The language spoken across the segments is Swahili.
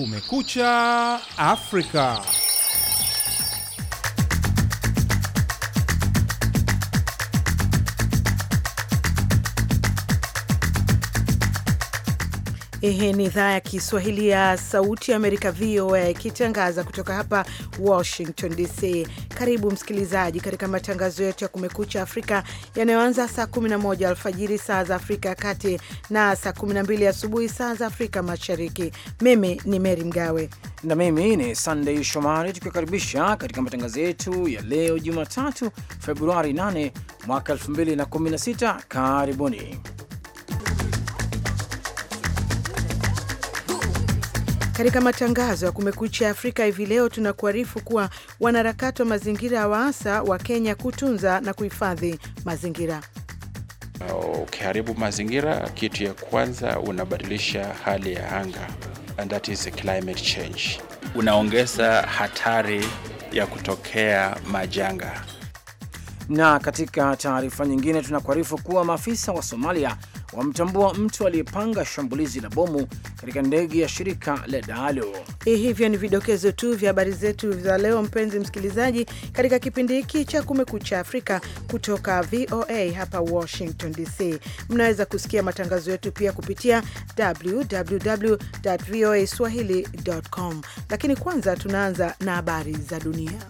Kumekucha Afrika. Hii ni idhaa ya Kiswahili ya Sauti ya Amerika, VOA, ikitangaza kutoka hapa Washington DC. Karibu msikilizaji katika matangazo yetu ya Kumekucha Afrika yanayoanza saa 11 alfajiri saa za Afrika ya Kati na saa 12 asubuhi saa za Afrika Mashariki. Mimi ni Meri Mgawe na mimi ni Sandey Shomari, tukiwakaribisha katika matangazo yetu ya leo Jumatatu, Februari 8 mwaka 2016. Karibuni. Katika matangazo ya Kumekucha Afrika hivi leo tunakuarifu kuwa wanaharakati wa mazingira waasa wa Kenya kutunza na kuhifadhi mazingira. Ukiharibu okay, mazingira, kitu ya kwanza unabadilisha hali ya anga and that is climate change. Unaongeza hatari ya kutokea majanga. Na katika taarifa nyingine tunakuarifu kuwa maafisa wa Somalia wamtambua mtu aliyepanga shambulizi la bomu katika ndege ya shirika la Daalo. Eh, hivyo ni vidokezo tu vya habari zetu za leo, mpenzi msikilizaji, katika kipindi hiki cha Kumekucha Afrika kutoka VOA hapa Washington DC. Mnaweza kusikia matangazo yetu pia kupitia www voa swahili.com, lakini kwanza tunaanza na habari za dunia.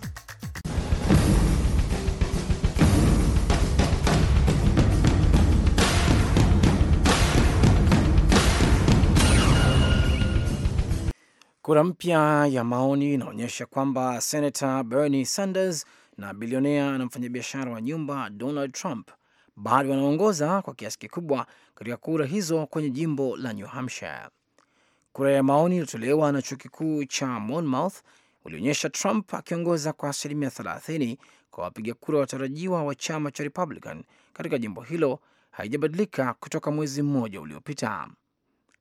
Kura mpya ya maoni inaonyesha kwamba Senata Bernie Sanders na bilionea na mfanyabiashara wa nyumba Donald Trump bado wanaongoza kwa kiasi kikubwa katika kura hizo kwenye jimbo la New Hampshire. Kura ya maoni iliyotolewa na chuo kikuu cha Monmouth ulionyesha Trump akiongoza kwa asilimia 30 kwa wapiga kura watarajiwa wa chama cha Republican katika jimbo hilo, haijabadilika kutoka mwezi mmoja uliopita.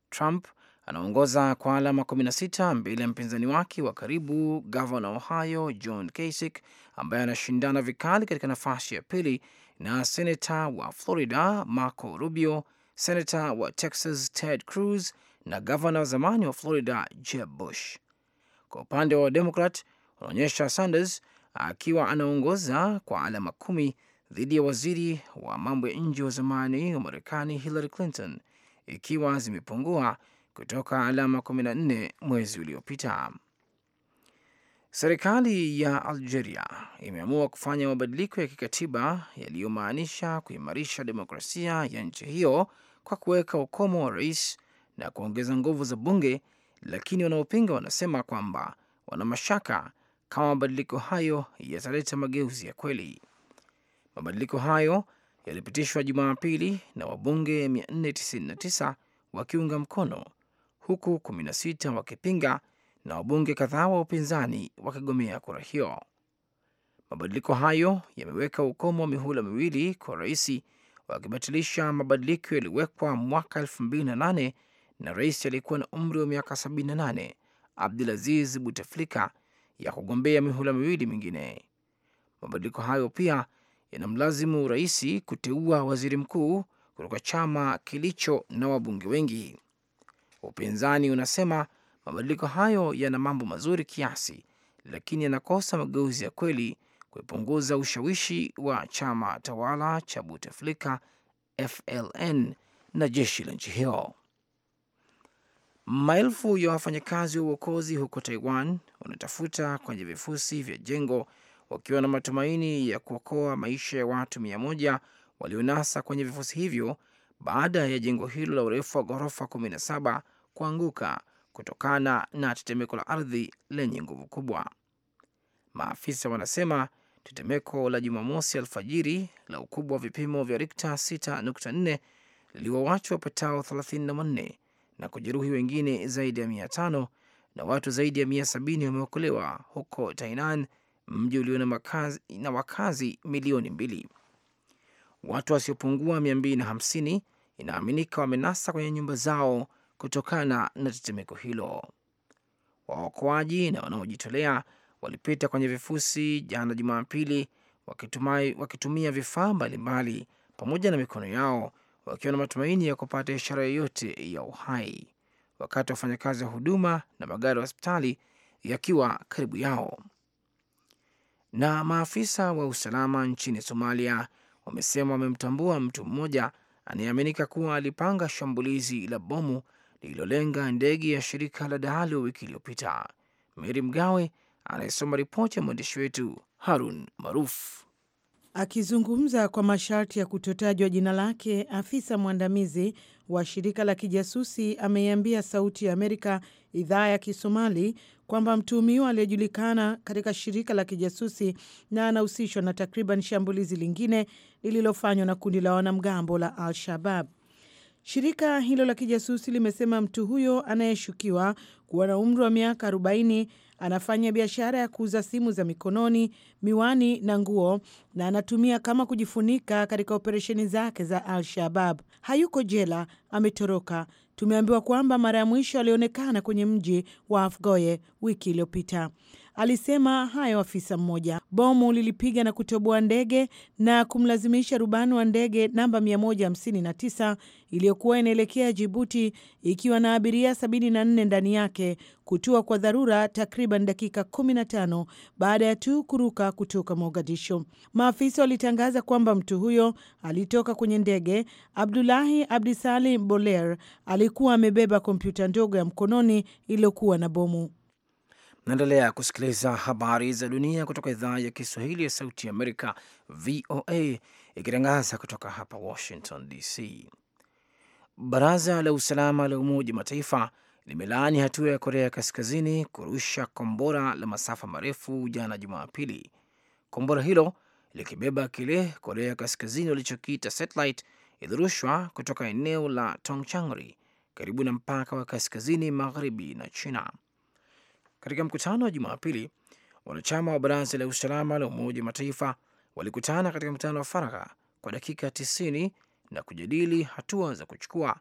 Trump anaongoza kwa alama 16 mbele ya mpinzani wake wa karibu gavana Ohio John Kasich ambaye anashindana vikali katika nafasi ya pili na senata wa Florida Marco Rubio, senata wa Texas Ted Cruz na gavana wa zamani wa Florida Jeb Bush. Kwa upande wa Wademokrat wanaonyesha Sanders akiwa anaongoza kwa alama kumi dhidi ya waziri wa mambo ya nje wa zamani wa Marekani Hillary Clinton, ikiwa zimepungua kutoka alama 14 mwezi uliopita. Serikali ya Algeria imeamua kufanya mabadiliko ya kikatiba yaliyomaanisha kuimarisha demokrasia ya nchi hiyo kwa kuweka ukomo wa rais na kuongeza nguvu za bunge, lakini wanaopinga wanasema kwamba wana mashaka kama mabadiliko hayo yataleta mageuzi ya kweli. Mabadiliko hayo yalipitishwa Jumapili na wabunge 499 wakiunga mkono huku 16 wakipinga na wabunge kadhaa wa upinzani wakigomea kura hiyo. Mabadiliko hayo yameweka ukomo wa mihula miwili kwa rais, wakibatilisha mabadiliko yaliyowekwa mwaka 2008 na rais aliyekuwa na umri wa miaka 78 Abdulaziz Buteflika ya kugombea mihula miwili mingine. Mabadiliko hayo pia yanamlazimu rais kuteua waziri mkuu kutoka chama kilicho na wabunge wengi. Upinzani unasema mabadiliko hayo yana mambo mazuri kiasi, lakini yanakosa mageuzi ya kweli kuipunguza ushawishi wa chama tawala cha Buteflika FLN na jeshi la nchi hiyo. Maelfu ya wafanyakazi wa uokozi huko Taiwan wanatafuta kwenye vifusi vya jengo wakiwa na matumaini ya kuokoa maisha ya watu mia moja walionasa kwenye vifusi hivyo baada ya jengo hilo la urefu wa ghorofa kumi saba kuanguka kutokana na tetemeko la ardhi lenye nguvu kubwa. Maafisa wanasema tetemeko la Jumamosi alfajiri la ukubwa wa vipimo vya Rikta 6.4 liliwa watu wapatao 34 na kujeruhi wengine zaidi ya 500 na watu zaidi ya 170 wameokolewa huko Tainan, mji ulio na wakazi milioni mbili. Watu wasiopungua 250 inaaminika wamenasa kwenye nyumba zao kutokana na tetemeko hilo. Waokoaji na wanaojitolea walipita kwenye vifusi jana Jumapili wakitumia vifaa mbalimbali pamoja na mikono yao wakiwa na matumaini ya kupata ishara yoyote ya uhai, wakati wafanyakazi wa huduma na magari ya hospitali yakiwa karibu yao. Na maafisa wa usalama nchini Somalia wamesema wamemtambua mtu mmoja anayeaminika kuwa alipanga shambulizi la bomu lililolenga ndege ya shirika la Dahalo wiki iliyopita. Meri Mgawe anayesoma ripoti ya mwandishi wetu Harun Maruf. Akizungumza kwa masharti ya kutotajwa jina lake, afisa mwandamizi wa shirika la kijasusi ameiambia Sauti ya Amerika idhaa ya Kisomali kwamba mtuhumiwa aliyejulikana katika shirika la kijasusi na anahusishwa na takriban shambulizi lingine lililofanywa na kundi la wanamgambo la Al Shabab Shirika hilo la kijasusi limesema mtu huyo anayeshukiwa kuwa na umri wa miaka 40 anafanya biashara ya kuuza simu za mikononi, miwani na nguo na anatumia kama kujifunika katika operesheni zake za Al-Shabab. Hayuko jela, ametoroka. Tumeambiwa kwamba mara ya mwisho alionekana kwenye mji wa Afgoye wiki iliyopita. Alisema hayo afisa mmoja. Bomu lilipiga na kutoboa ndege na kumlazimisha rubani wa ndege namba 159 iliyokuwa inaelekea Jibuti ikiwa na abiria 74 ndani yake kutua kwa dharura takriban dakika 15 baada ya tu kuruka kutoka Mogadishu. Maafisa walitangaza kwamba mtu huyo alitoka kwenye ndege. Abdulahi Abdisali Boler alikuwa amebeba kompyuta ndogo ya mkononi iliyokuwa na bomu. Naendelea kusikiliza habari za dunia kutoka idhaa ya Kiswahili ya Sauti ya Amerika, VOA, ikitangaza kutoka hapa Washington DC. Baraza la Usalama la Umoja Mataifa limelaani hatua ya Korea Kaskazini kurusha kombora la masafa marefu jana Jumapili, kombora hilo likibeba kile Korea Kaskazini walichokiita satellite ilirushwa kutoka eneo la Tongchangri karibu na mpaka wa kaskazini magharibi na China. Katika mkutano wa Jumapili, wanachama wa baraza la usalama la Umoja wa Mataifa walikutana katika mkutano wa faragha kwa dakika 90 na kujadili hatua za kuchukua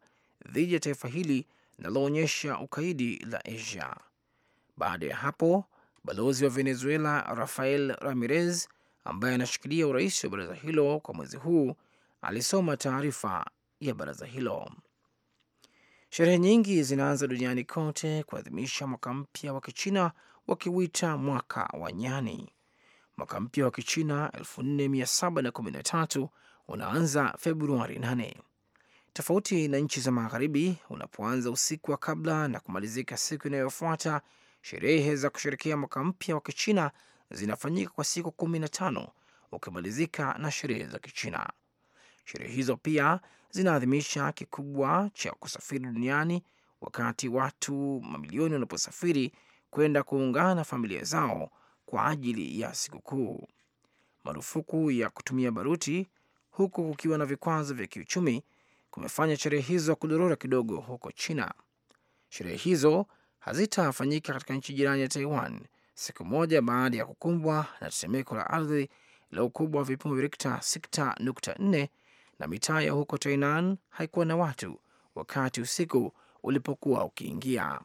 dhidi ya taifa hili linaloonyesha ukaidi la Asia. Baada ya hapo, balozi wa Venezuela Rafael Ramirez ambaye anashikilia urais wa baraza hilo kwa mwezi huu alisoma taarifa ya baraza hilo. Sherehe nyingi zinaanza duniani kote kuadhimisha mwaka mpya wa Kichina wakiwita mwaka wa nyani. Mwaka mpya wa Kichina 4713 unaanza Februari 8, tofauti na nchi za magharibi unapoanza usiku wa kabla na kumalizika siku inayofuata. Sherehe za kusherekea mwaka mpya wa Kichina zinafanyika kwa siku 15 ukimalizika na sherehe za Kichina. Sherehe hizo pia zinaadhimisha kikubwa cha kusafiri duniani, wakati watu mamilioni wanaposafiri kwenda kuungana na familia zao kwa ajili ya sikukuu. Marufuku ya kutumia baruti, huku kukiwa na vikwazo vya kiuchumi, kumefanya sherehe hizo kudorora kidogo huko China. Sherehe hizo hazitafanyika katika nchi jirani ya Taiwan siku moja baada ya kukumbwa na tetemeko la ardhi la ukubwa wa vipimo vya Rikta 6.4 na mitaa ya huko Tainan haikuwa na watu wakati usiku ulipokuwa ukiingia.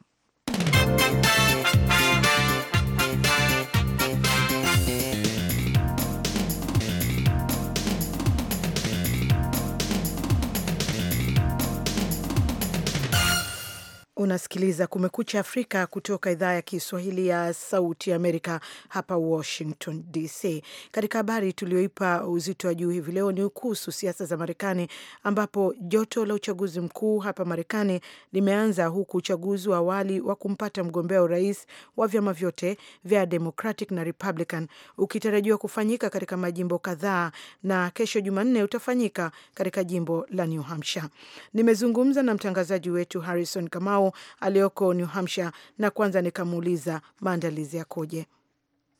Unasikiliza Kumekucha Afrika kutoka idhaa ya Kiswahili ya Sauti Amerika hapa Washington DC. Katika habari tulioipa uzito wa juu hivi leo ni kuhusu siasa za Marekani, ambapo joto la uchaguzi mkuu hapa Marekani limeanza huku uchaguzi wa awali wa kumpata mgombea urais wa vyama vyote vya Democratic na Republican ukitarajiwa kufanyika katika majimbo kadhaa, na kesho Jumanne utafanyika katika jimbo la New Hampshire. Nimezungumza na mtangazaji wetu Harrison Kamau aliyoko New Hampshire, na kwanza nikamuuliza maandalizi yakoje.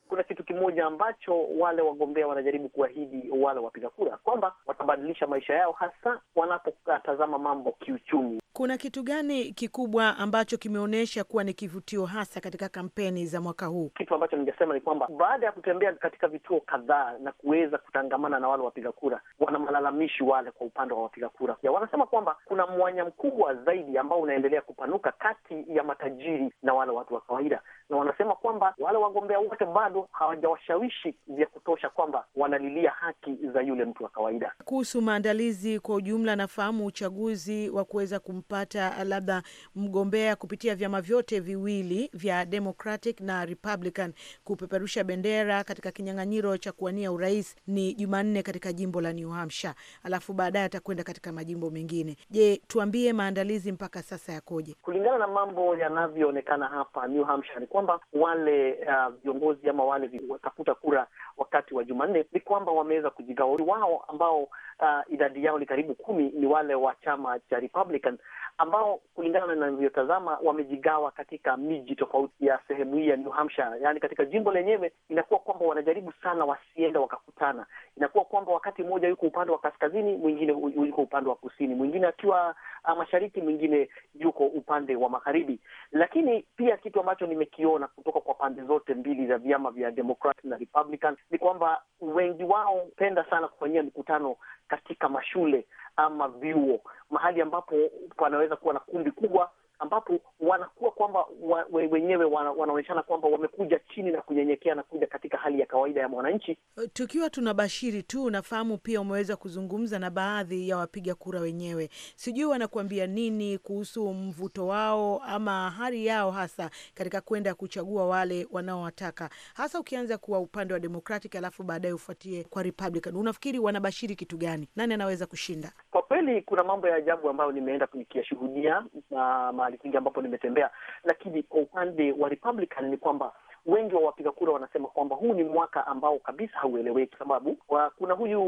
Kuna kitu kimoja ambacho wale wagombea wanajaribu kuahidi wale wapiga kura kwamba watabadilisha maisha yao, hasa wanapotazama mambo kiuchumi. Kuna kitu gani kikubwa ambacho kimeonyesha kuwa ni kivutio hasa katika kampeni za mwaka huu? Kitu ambacho ningesema ni kwamba baada ya kutembea katika vituo kadhaa na kuweza kutangamana na wale wapiga kura, wana malalamishi wale kwa upande wa wapiga kura, wanasema kwamba kuna mwanya mkubwa zaidi ambao unaendelea kupanuka kati ya matajiri na wale watu wa kawaida, na wanasema kwamba wale wagombea wote bado hawajawashawishi vya kutosha kwamba wanalilia haki za yule mtu wa kawaida. Kuhusu maandalizi kwa ujumla, nafahamu uchaguzi wa kuweza kum kumpata labda mgombea kupitia vyama vyote viwili vya Democratic na Republican kupeperusha bendera katika kinyang'anyiro cha kuwania urais ni Jumanne katika jimbo la New Hampshire, alafu baadaye atakwenda katika majimbo mengine. Je, tuambie maandalizi mpaka sasa yakoje? Kulingana na mambo yanavyoonekana hapa New Hampshire ni kwamba wale uh, viongozi uh, ama wale watafuta kura wakati wa Jumanne ni kwamba wameweza kujigawa wao ambao uh, idadi yao ni karibu kumi ni wale wa chama cha Republican ambao kulingana na ninavyotazama wamejigawa katika miji tofauti ya sehemu hii ya New Hampshire, yani katika jimbo lenyewe inakuwa kwamba wanajaribu sana wasienda wakakutana. Inakuwa kwamba wakati mmoja yuko upande wa kaskazini, mwingine yuko upande wa kusini, mwingine akiwa ah, mashariki, mwingine yuko upande wa magharibi. Lakini pia kitu ambacho nimekiona kutoka kwa pande zote mbili za vyama vya Democrat na Republican ni kwamba wengi wao penda sana kufanyia mikutano katika mashule ama vyuo, mahali ambapo panaweza kuwa na kundi kubwa ambapo wanakuwa kwamba wa, wenyewe wana, wanaonyeshana kwamba wamekuja chini na kunyenyekea na kuja katika hali ya kawaida ya mwananchi. Eh, tukiwa tunabashiri tu, unafahamu, pia umeweza kuzungumza na baadhi ya wapiga kura wenyewe, sijui wanakuambia nini kuhusu mvuto wao ama hali yao hasa katika kwenda kuchagua wale wanaowataka, hasa ukianza kuwa upande wa Democratic alafu baadaye ufuatie kwa Republican. Unafikiri wanabashiri kitu gani? Nani anaweza kushinda? Kwa kweli kuna mambo ya ajabu ambayo nimeenda nikiyashuhudia na mahali kwingi ambapo nimetembea, lakini kwa upande wa Republican ni kwamba wengi wa wapiga kura wanasema kwamba huu ni mwaka ambao kabisa haueleweki, sababu kuna huyu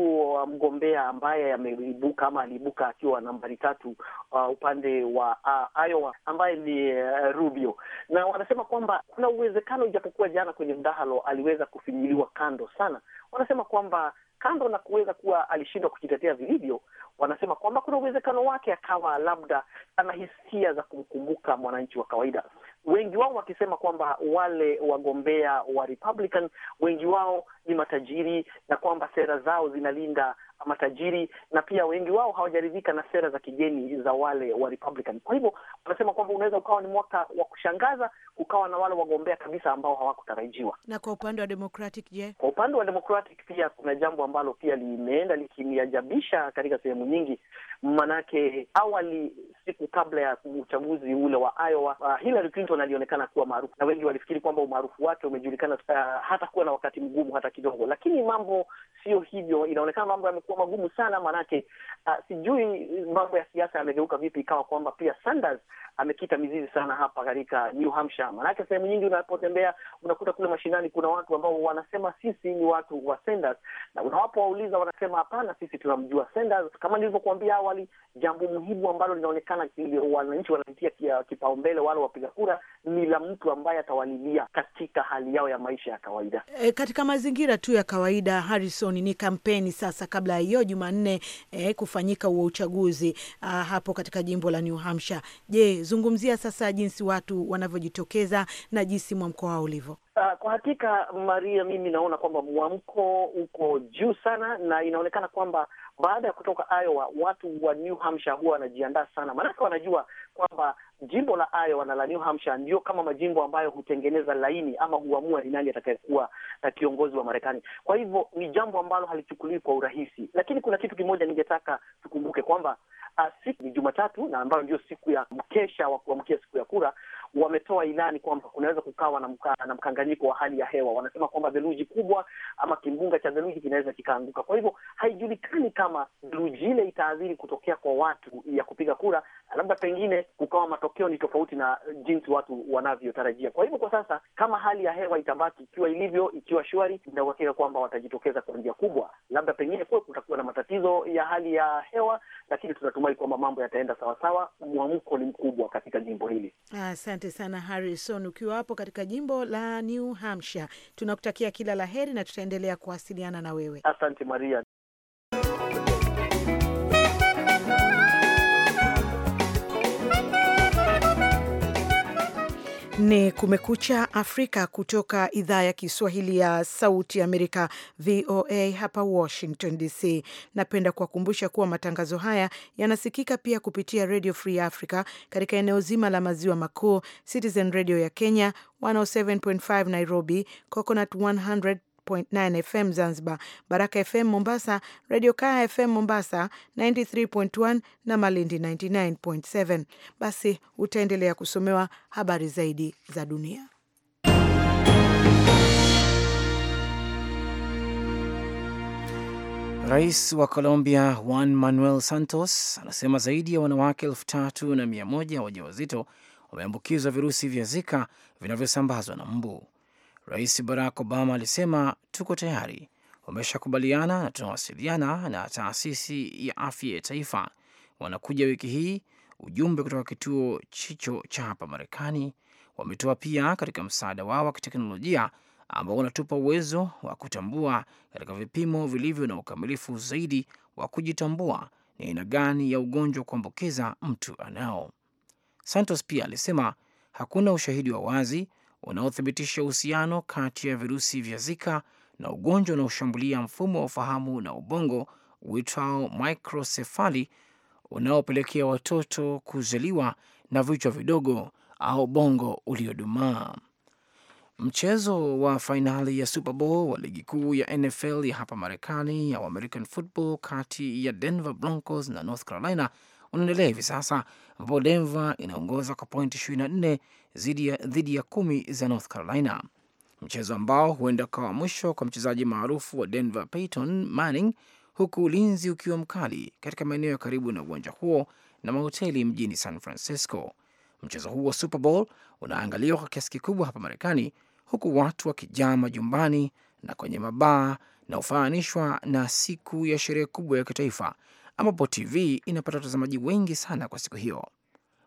mgombea ambaye ameibuka ama aliibuka akiwa nambari tatu uh, upande wa uh, Iowa ambaye ni uh, Rubio, na wanasema kwamba kuna uwezekano, ijapokuwa jana kwenye mdahalo aliweza kufinyiliwa kando sana, wanasema kwamba kando na kuweza kuwa alishindwa kujitetea vilivyo, wanasema kwamba kuna uwezekano wake akawa labda ana hisia za kumkumbuka mwananchi wa kawaida. Wengi wao wakisema kwamba wale wagombea wa Republican wengi wao ni matajiri na kwamba sera zao zinalinda matajiri na pia wengi wao hawajaridhika na sera za kigeni za wale wa Republican. Kwa hivyo wanasema kwamba unaweza ukawa ni mwaka wa kushangaza, kukawa na wale wagombea kabisa ambao hawakutarajiwa. Na kwa upande wa Democratic, je? Kwa upande wa Democratic pia kuna jambo ambalo pia limeenda likiniajabisha katika sehemu nyingi. Manake awali siku kabla ya uchaguzi ule wa Iowa, uh, Hillary Clinton alionekana kuwa maarufu na wengi walifikiri kwamba umaarufu wake umejulikana, uh, hata kuwa na wakati mgumu hata kidogo, lakini mambo sio hivyo. Inaonekana mambo yamekuwa magumu sana, manake uh, sijui mambo ya siasa yamegeuka vipi, ikawa kwamba pia Sanders amekita mizizi sana hapa katika New Hampshire, manake sehemu nyingi unapotembea unakuta kule mashinani kuna watu ambao wanasema sisi ni watu wa Sanders, na unawapowauliza wanasema hapana, sisi tunamjua Sanders. Kama nilivyokuambia awali swali, jambo muhimu ambalo linaonekana wananchi wanaitia kipaumbele wale wapiga kura ni la mtu ambaye atawalilia katika hali yao ya maisha ya kawaida. E, katika mazingira tu ya kawaida Harrison, ni kampeni sasa kabla ya hiyo Jumanne e, kufanyika huo uchaguzi a, ah, hapo katika jimbo la New Hampshire. Je, zungumzia sasa jinsi watu wanavyojitokeza na jinsi mwamko wao ulivyo. Ah, kwa hakika Maria, mimi naona kwamba mwamko uko juu sana na inaonekana kwamba baada ya kutoka Iowa, watu wa New Hampshire huwa wanajiandaa sana, maanake wanajua kwamba jimbo la Iowa na la New Hampshire ndio kama majimbo ambayo hutengeneza laini ama huamua ni nani atakayekuwa na kiongozi wa Marekani. Kwa hivyo ni jambo ambalo halichukuliwi kwa urahisi, lakini kuna kitu kimoja ningetaka tukumbuke kwamba ah, siku ni Jumatatu na ambayo ndio siku ya mkesha wa kuamkia siku ya kura wametoa ilani kwamba kunaweza kukawa na, mka, na mkanganyiko wa hali ya hewa. Wanasema kwamba theluji kubwa ama kimbunga cha theluji kinaweza kikaanguka. Kwa hivyo haijulikani kama theluji ile itaathiri kutokea kwa watu ya kupiga kura labda pengine kukawa matokeo ni tofauti na jinsi watu wanavyotarajia. Kwa hivyo kwa sasa, kama hali ya hewa itabaki ikiwa ilivyo, ikiwa shwari, ina uhakika kwamba watajitokeza kwa njia kubwa. Labda pengine kuwe kutakuwa na matatizo ya hali ya hewa, lakini tunatumai kwamba mambo yataenda sawasawa. Mwamko ni mkubwa katika jimbo hili. Asante sana Harrison, ukiwa hapo katika jimbo la New Hampshire, tunakutakia kila la heri na tutaendelea kuwasiliana na wewe. Asante Maria. Ni Kumekucha Afrika kutoka idhaa ya Kiswahili ya Sauti Amerika, VOA hapa Washington DC. Napenda kuwakumbusha kuwa matangazo haya yanasikika pia kupitia Radio Free Africa katika eneo zima la maziwa makuu, Citizen Radio ya Kenya 107.5 Nairobi, Coconut 100 101.9 FM Zanzibar, Baraka FM Mombasa, Radio Kaya FM Mombasa 93.1 na Malindi 99.7. Basi utaendelea kusomewa habari zaidi za dunia. Rais wa Colombia Juan Manuel Santos anasema zaidi ya wanawake elfu tatu na mia moja wajawazito wameambukizwa virusi vya Zika vinavyosambazwa na mbu. Rais Barack Obama alisema tuko tayari, wameshakubaliana na tunawasiliana na taasisi ya afya ya taifa, wanakuja wiki hii. Ujumbe kutoka kituo chicho cha hapa Marekani wametoa pia katika msaada wao wa kiteknolojia ambao unatupa uwezo wa kutambua katika vipimo vilivyo na ukamilifu zaidi wa kujitambua ni aina gani ya ugonjwa wa kuambukiza mtu anao. Santos pia alisema hakuna ushahidi wa wazi unaothibitisha uhusiano kati ya virusi vya Zika na ugonjwa unaoshambulia mfumo wa ufahamu na ubongo uitwao microsefali unaopelekea watoto kuzaliwa na vichwa vidogo au bongo uliodumaa. Mchezo wa fainali ya Super Bowl wa ligi kuu ya NFL ya hapa Marekani ya American football kati ya Denver Broncos na North Carolina unaendelea hivi sasa ambapo Denver inaongoza kwa point 24 dhidi ya kumi za North Carolina, mchezo ambao huenda ukawa mwisho kwa mchezaji maarufu wa Denver Peyton Manning, huku ulinzi ukiwa mkali katika maeneo ya karibu na uwanja huo na mahoteli mjini San Francisco. Mchezo huu wa Super Bowl unaangaliwa kwa kiasi kikubwa hapa Marekani, huku watu wakijaa majumbani na kwenye mabaa na hufananishwa na siku ya sherehe kubwa ya kitaifa ambapo TV inapata watazamaji wengi sana kwa siku hiyo.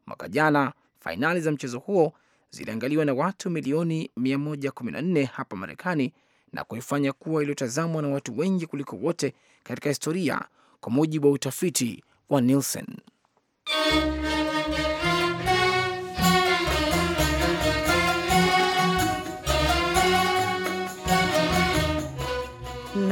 Mwaka jana fainali za mchezo huo ziliangaliwa na watu milioni 114 hapa Marekani na kuifanya kuwa iliyotazamwa na watu wengi kuliko wote katika historia, kwa mujibu wa utafiti wa Nielsen.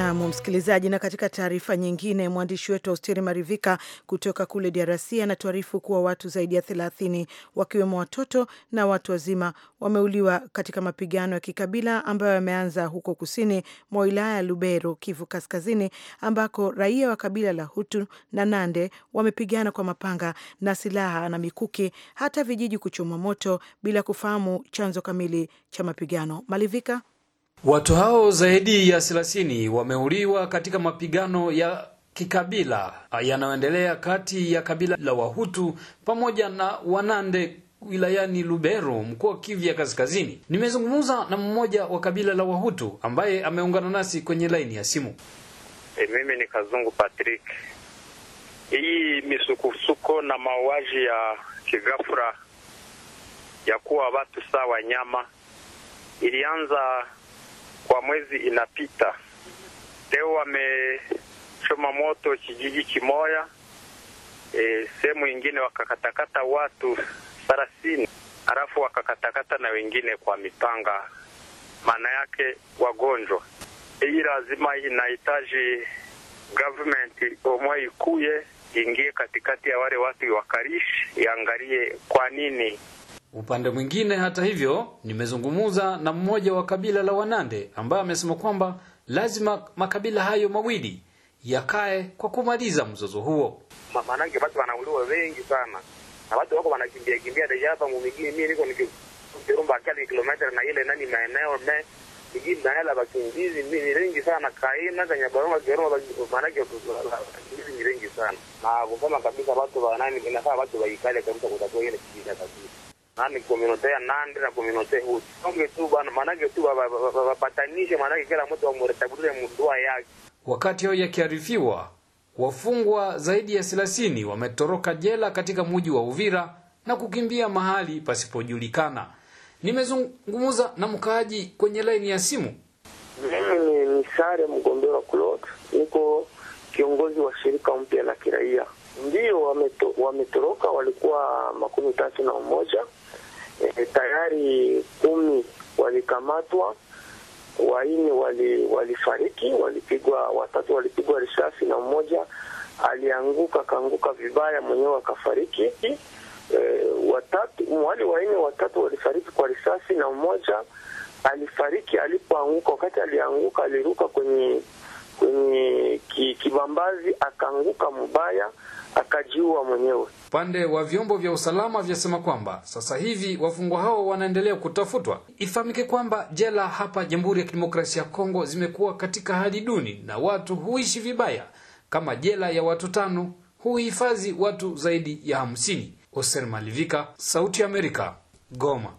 Naam, msikilizaji. Na katika taarifa nyingine, mwandishi wetu Austeri Marivika kutoka kule DRC anatuarifu kuwa watu zaidi ya thelathini wakiwemo watoto na watu wazima wameuliwa katika mapigano ya kikabila ambayo yameanza huko kusini mwa wilaya ya Lubero, Kivu Kaskazini, ambako raia wa kabila la Hutu na Nande wamepigana kwa mapanga na silaha na mikuki, hata vijiji kuchoma moto bila kufahamu chanzo kamili cha mapigano. Malivika Watu hao zaidi ya 30 wameuliwa katika mapigano ya kikabila yanayoendelea kati ya kabila la Wahutu pamoja na Wanande wilayani Lubero mkoa Kivu ya Kaskazini. Nimezungumza na mmoja wa kabila la Wahutu ambaye ameungana nasi kwenye laini ya simu. E, mimi ni Kazungu Patrick. Hii misukusuko na mauaji ya kigafura ya kuwa watu sawa nyama ilianza kwa mwezi inapita. Leo wamechoma moto kijiji kimoya, e, sehemu ingine wakakatakata watu thelathini, halafu wakakatakata na wengine kwa mipanga, maana yake wagonjwa. Hii lazima inahitaji government omwa ikuye ingie katikati ya wale watu, wakarishi iangalie kwa nini Upande mwingine, hata hivyo, nimezungumza na mmoja wa kabila la Wanande ambaye amesema kwamba lazima makabila hayo mawili yakae kwa kumaliza mzozo huo. Maanake watu wanauliwa wengi sana na watu wako wanakimbia kimbia deja hapa mumigini. Mimi niko nikirumba kali kilomita na ile nani maeneo me migini na yala bakimbizi ni rengi sana kaina kanya baroma kiroma maanake wakimbizi ni rengi sana na kusema kabisa watu wa nani inafaa watu waikale kabisa kutatua ile kijiji kabisa nani komunote ya Nandi na komunote huti onge tu bana, manake tu wapatanishe, manake kila mtu amuretabulie mundua yake. Wakati hoyo yakiarifiwa, wafungwa zaidi ya 30 wametoroka jela katika muji wa Uvira na kukimbia mahali pasipojulikana. Nimezungumza na mkaaji kwenye laini ya simu. Mimi ni Misare mgombea wa Claude, niko kiongozi wa shirika mpya la kiraia. Ndio wametoroka, walikuwa makumi tatu na umoja e, tayari kumi walikamatwa, waine wali, walifariki walipigwa, watatu walipigwa risasi na mmoja alianguka akaanguka vibaya mwenyewe akafariki. E, watatu wale waine watatu walifariki kwa risasi na mmoja alifariki alipoanguka. Wakati alianguka aliruka kwenye kwenye kibambazi akaanguka mubaya akajiua mwenyewe. Upande wa vyombo vya usalama vyasema kwamba sasa hivi wafungwa hao wanaendelea kutafutwa. Ifahamike kwamba jela hapa Jamhuri ya Kidemokrasia ya Kongo zimekuwa katika hali duni na watu huishi vibaya. Kama jela ya watu tano huhifadhi watu zaidi ya hamsini. Oser Malivika, Sauti ya Amerika, Goma.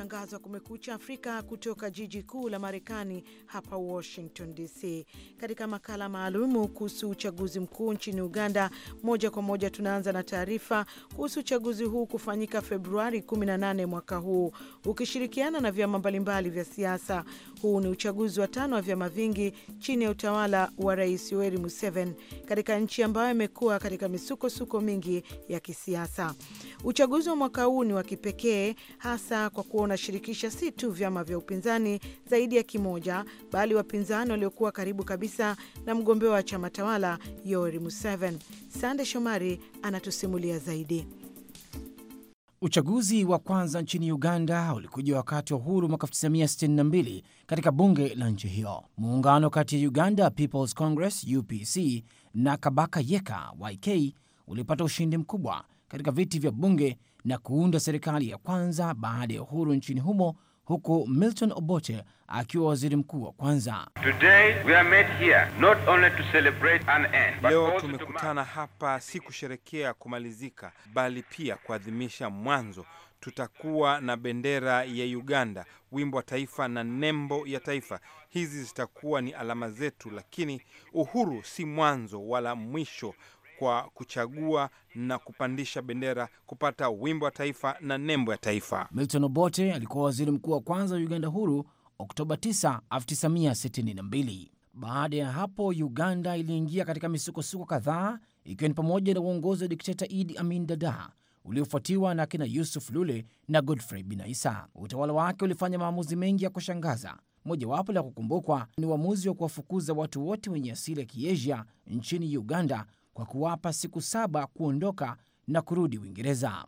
matangazo ya Kumekucha Afrika kutoka jiji kuu la Marekani, hapa Washington DC. Katika makala maalumu kuhusu uchaguzi mkuu nchini Uganda, moja kwa moja tunaanza na taarifa kuhusu uchaguzi huu kufanyika Februari 18 mwaka huu, ukishirikiana na vyama mbalimbali vya siasa. Huu ni uchaguzi wa tano wa vyama vingi chini ya utawala wa Rais Yoweri Museveni katika nchi ambayo imekuwa katika misukosuko mingi ya kisiasa. Uchaguzi wa mwaka huu ni wa kipekee hasa kwa kuona unashirikisha si tu vyama vya upinzani zaidi ya kimoja, bali wapinzani waliokuwa karibu kabisa na mgombea wa chama tawala Yoweri Museveni. Sande Shomari anatusimulia zaidi. Uchaguzi wa kwanza nchini Uganda ulikuja wakati wa uhuru mwaka 1962 katika bunge la nchi hiyo. Muungano kati ya Uganda People's Congress UPC na Kabaka Yeka YK ulipata ushindi mkubwa katika viti vya bunge na kuunda serikali ya kwanza baada ya uhuru nchini humo huku Milton Obote akiwa waziri mkuu wa kwanza. Leo tumekutana hapa si kusherekea kumalizika, bali pia kuadhimisha mwanzo. Tutakuwa na bendera ya Uganda, wimbo wa taifa na nembo ya taifa. Hizi zitakuwa ni alama zetu, lakini uhuru si mwanzo wala mwisho kwa kuchagua na kupandisha bendera kupata wimbo wa taifa na nembo ya taifa. Milton Obote alikuwa waziri mkuu wa kwanza wa Uganda huru Oktoba 9, 1962. Baada ya hapo Uganda iliingia katika misukosuko kadhaa, ikiwa ni pamoja na uongozi wa dikteta Idi Amin Dada uliofuatiwa na kina Yusuf Lule na Godfrey Binaisa. Utawala wake ulifanya maamuzi mengi ya kushangaza. Mojawapo la kukumbukwa ni uamuzi wa kuwafukuza watu wote wenye asili ya Kiasia nchini Uganda kwa kuwapa siku saba kuondoka na kurudi Uingereza.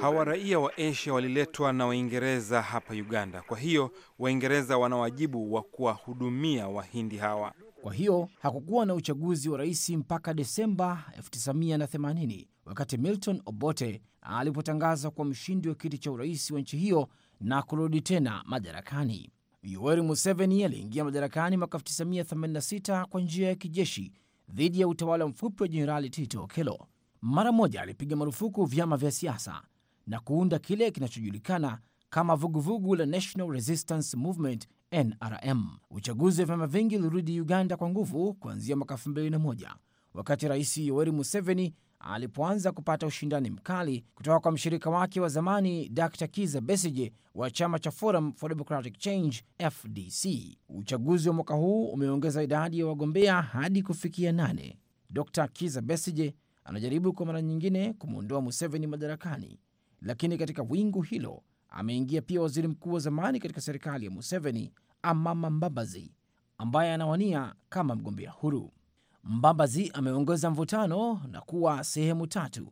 Hawa raia wa Asia waliletwa na Waingereza hapa Uganda, kwa hiyo Waingereza wana wajibu wa kuwahudumia Wahindi hawa. Kwa hiyo hakukuwa na uchaguzi wa rais mpaka Desemba 1980 wakati Milton Obote alipotangaza kuwa mshindi wa kiti cha urais wa nchi hiyo na kurudi tena madarakani. Yoweri Museveni aliingia madarakani mwaka 1986 kwa njia ya kijeshi dhidi ya utawala mfupi wa Jenerali Tito Okello. Mara moja alipiga marufuku vyama vya siasa na kuunda kile kinachojulikana kama vuguvugu vugu la National Resistance Movement NRM. Uchaguzi wa vyama vingi ulirudi Uganda kwa nguvu kuanzia mwaka 2001 wakati Rais Yoweri Museveni alipoanza kupata ushindani mkali kutoka kwa mshirika wake wa zamani Dr. Kiza Besige wa chama cha Forum for Democratic Change FDC. Uchaguzi wa mwaka huu umeongeza idadi ya wagombea hadi kufikia nane. Dr. Kiza Besige anajaribu kwa mara nyingine kumwondoa Museveni madarakani, lakini katika wingu hilo ameingia pia waziri mkuu wa zamani katika serikali ya Museveni, Amama Mbabazi, ambaye anawania kama mgombea huru. Mbabazi ameongeza mvutano na kuwa sehemu tatu,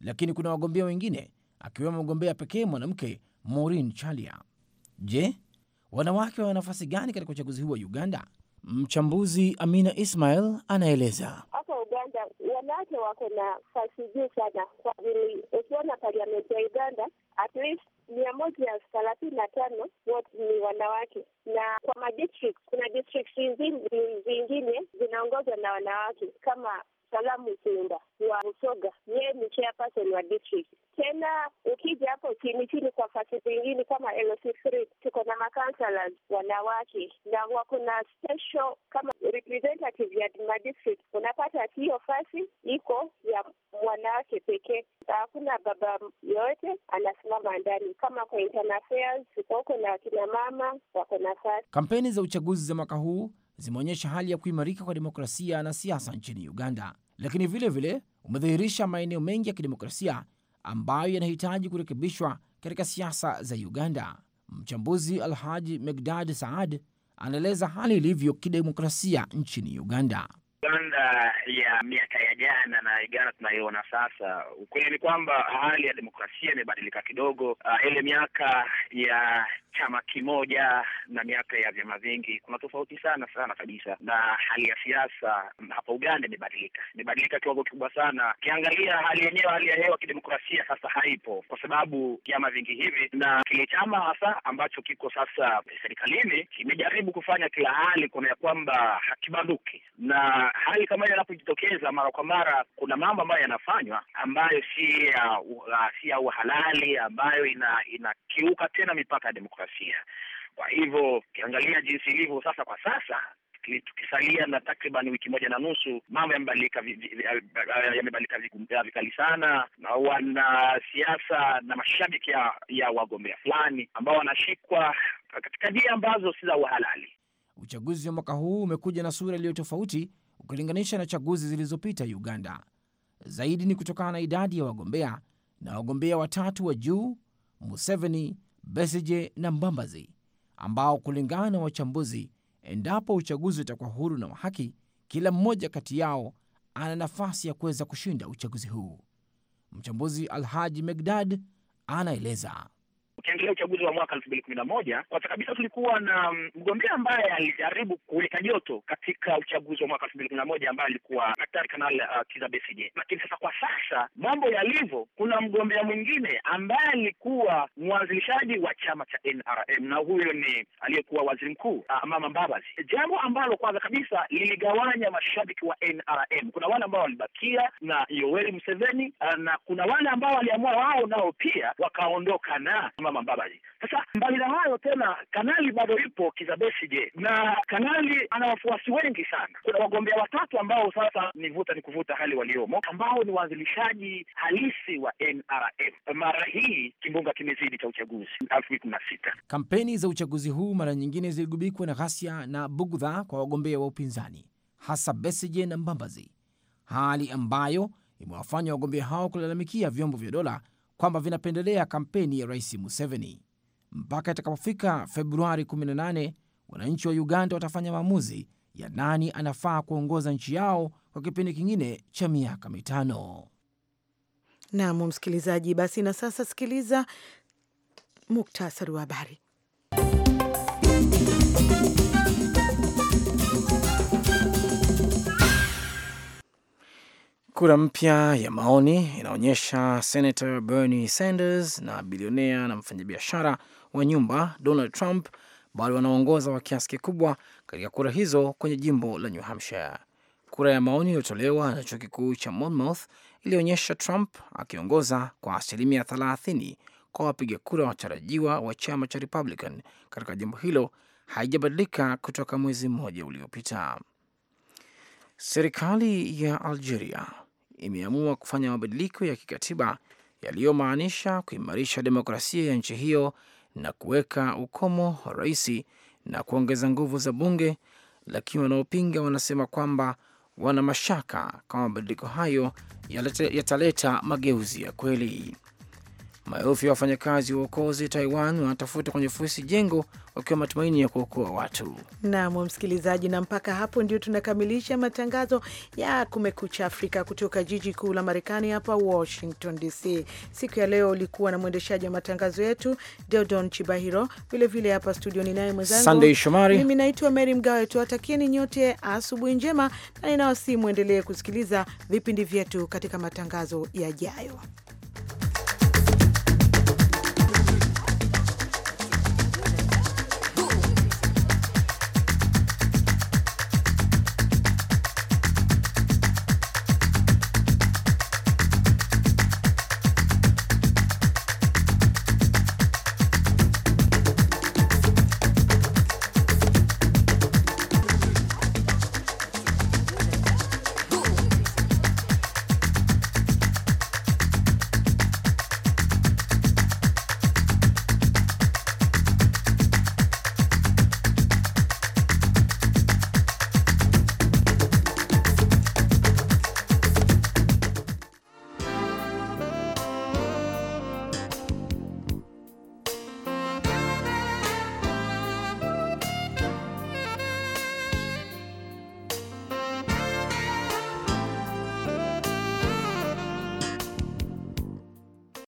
lakini kuna wagombea wengine akiwemo mgombea pekee mwanamke Maureen Chalia. Je, wanawake wana nafasi gani katika uchaguzi huu wa Uganda? Mchambuzi Amina Ismail anaeleza. Hapa Uganda wanawake wako na nafasi juu sana, kwa vile ukiona parliament ya Uganda at least mia moja thelathini na tano wote ni wanawake, na kwa madistrict kuna district zingine zinaongozwa na wanawake kama Salamu Sunda wa Usoga, yeye ni chairperson wa district. Tena ukija hapo chini chini kwa fasi zingine kama LC3 tuko na makansala wanawake na wako na special kama representative ya madistrict. Unapata hiyo fasi iko ya wanawake pekee hakuna baba yoyote anasimama ndani. Kama kwa affairs tuko huko na kina mama wako nafasi. Kampeni za uchaguzi za mwaka huu zimeonyesha hali ya kuimarika kwa demokrasia na siasa nchini Uganda, lakini vile vile umedhihirisha maeneo mengi ya kidemokrasia ambayo yanahitaji kurekebishwa katika siasa za Uganda. Mchambuzi Alhaji Megdad Saad anaeleza hali ilivyo kidemokrasia nchini Uganda. Uganda ya miaka ya jana na Uganda tunayoona sasa, ukweli ni kwamba hali ya demokrasia imebadilika kidogo. Uh, ile miaka ya chama kimoja na miaka ya vyama vingi kuna tofauti sana sana kabisa, na hali ya siasa hapa Uganda imebadilika, imebadilika kiwango kikubwa sana. Ukiangalia hali yenyewe, hali ya hewa kidemokrasia sasa haipo, kwa sababu vyama vingi hivi na kile chama hasa ambacho kiko sasa serikalini kimejaribu kufanya kila hali kuona ya kwamba hakibanduki na hali kama hiyo inapojitokeza mara kwa mara, kuna mambo ambayo yanafanywa ambayo si ya uh, si ya uhalali ambayo inakiuka ina tena mipaka ya demokrasia. Kwa hivyo ukiangalia jinsi ilivyo sasa kwa sasa tukisalia na takriban wiki moja na nusu, mambo yamebadilika yamebadilika vikali sana, na wanasiasa na mashabiki ya, ya wagombea fulani ambao wanashikwa katika njia ambazo si za uhalali. Uchaguzi wa mwaka huu umekuja na sura iliyo tofauti ukilinganisha na chaguzi zilizopita Uganda. Zaidi ni kutokana na idadi ya wagombea na wagombea watatu wa juu, Museveni, Besigye na Mbambazi, ambao kulingana na wachambuzi, endapo uchaguzi utakuwa huru na wa haki, kila mmoja kati yao ana nafasi ya kuweza kushinda uchaguzi huu. Mchambuzi Alhaji Megdad anaeleza ukiangalia uchaguzi wa mwaka elfu mbili kumi na moja kwanza kabisa tulikuwa na mm, mgombea ambaye alijaribu kuweka joto katika uchaguzi wa mwaka elfu mbili kumi na moja ambaye alikuwa Daktari Kanal uh, Kiza Besigye. Lakini sasa kwa sasa mambo yalivyo, kuna mgombea mwingine ambaye alikuwa mwanzilishaji wa chama cha NRM na huyo ni aliyekuwa waziri mkuu uh, Mama Mbabazi, jambo ambalo kwanza kabisa liligawanya mashabiki wa NRM. Kuna wale ambao walibakia na Yoweri Museveni uh, na kuna wale ambao waliamua wao nao pia wakaondoka na Mama Mbabaji. Sasa mbali na hayo tena, kanali bado ipo Kizabesi je, na kanali ana wafuasi wengi sana. Kuna wagombea watatu ambao sasa ni vuta ni kuvuta hali waliomo, ambao ni waanzilishaji halisi wa NRM. Mara hii kimbunga kimezidi cha uchaguzi elfu mbili kumi na sita. Kampeni za uchaguzi huu mara nyingine ziligubikwa na ghasia na bugdha kwa wagombea wa upinzani, hasa Besigye na Mbabazi, hali ambayo imewafanya wagombea hao kulalamikia vyombo vya dola kwamba vinapendelea kampeni ya Rais Museveni. Mpaka itakapofika Februari 18, wananchi wa Uganda watafanya maamuzi ya nani anafaa kuongoza nchi yao kwa kipindi kingine cha miaka mitano. Nam msikilizaji, basi na sasa sikiliza muktasari wa habari. Kura mpya ya maoni inaonyesha Senator Bernie Sanders na bilionea na mfanyabiashara wa nyumba Donald Trump bado wanaongoza kwa kiasi kikubwa katika kura hizo kwenye jimbo la New Hampshire. Kura ya maoni iliyotolewa na chuo kikuu cha Monmouth ilionyesha Trump akiongoza kwa asilimia 30 kwa wapiga kura watarajiwa wa chama cha Republican katika jimbo hilo, haijabadilika kutoka mwezi mmoja uliopita. Serikali ya Algeria imeamua kufanya mabadiliko ya kikatiba yaliyomaanisha kuimarisha demokrasia ya nchi hiyo na kuweka ukomo wa rais na kuongeza nguvu za bunge, lakini wanaopinga wanasema kwamba wana mashaka kama mabadiliko hayo yataleta mageuzi ya kweli. Maelfu ya wafanyakazi wa uokozi Taiwan wanatafuta kwenye fusi jengo wakiwa matumaini ya kuokoa watu. Nam msikilizaji, na mpaka hapo ndio tunakamilisha matangazo ya Kumekucha Afrika kutoka jiji kuu la Marekani, hapa Washington DC. Siku ya leo ulikuwa na mwendeshaji wa matangazo yetu Deodon Chibahiro, vilevile hapa studio ninaye mwenzangu Sandey Shomari. Mimi naitwa Meri Mgawe. Tuwatakieni nyote asubuhi njema, na ninawasi mwendelee kusikiliza vipindi vyetu katika matangazo yajayo.